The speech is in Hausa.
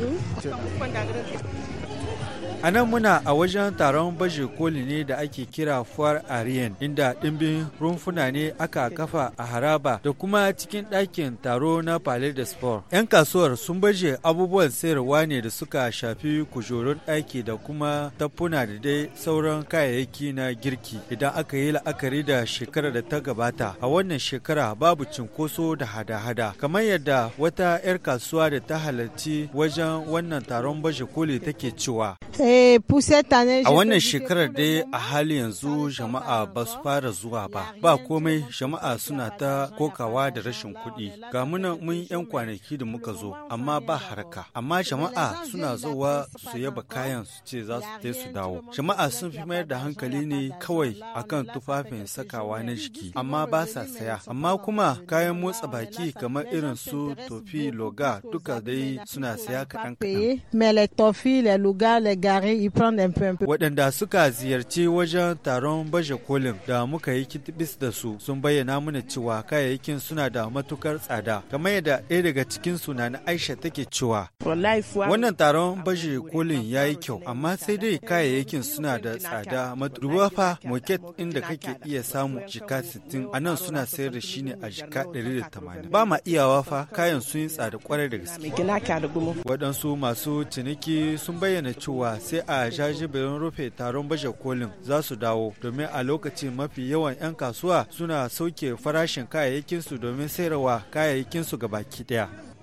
Uhum. Estamos com a agradecer. A nan muna a wajen taron baje koli ne da ake kira Fuwar Ariyan, inda ɗimbin rumfuna ne aka kafa a haraba da kuma cikin ɗakin taro na Palais de Sport. 'Yan kasuwar sun baje abubuwan sayarwa ne da suka shafi kujerun ɗaki da kuma tafuna da dai sauran kayayyaki na girki. Idan aka yi la'akari da shekara da ta gabata, a wannan shekara babu cinkoso da hada-hada. Kamar yadda wata 'yar kasuwa da ta halarci wajen wannan taron baje koli take cewa. Eh, a wannan shekarar dai a hali yanzu jama'a ba su fara zuwa ba, ba komai jama'a suna ta kokawa da rashin kuɗi. Ga muna mun 'yan kwanaki da muka zo, amma ba harka. Amma jama'a suna zowa su yaba kayan su ce za su tai su dawo. Jama'a sun fi mayar da hankali ne kawai akan tufafin sakawa na jiki, amma ba sa saya. Amma kuma kayan motsa baki kamar irin su tofi loga duka dai suna saya kaɗan kaɗan. Eh, un peu waɗanda suka ziyarci wajen taron baje kolin da muka yi kitibis da su sun bayyana mana cewa kayayyakin suna da matukar tsada kamar yadda ɗaya daga cikin su na aisha take cewa Wannan taron baje kolin ya yi kyau, amma sai dai kayayyakin suna da tsada matuwa fa moket inda kake iya samu jika 60 a nan suna sayar da shi ne a jika 180. Ba ma iyawa fa kayan sun yi tsada kwarai da gaske. Waɗansu masu ciniki sun bayyana cewa sai a bayan rufe taron baje kolin za su dawo domin a lokacin mafi yawan 'yan kasuwa suna sauke farashin kayayyakinsu domin sayarwa kayayyakinsu gabaki ɗaya.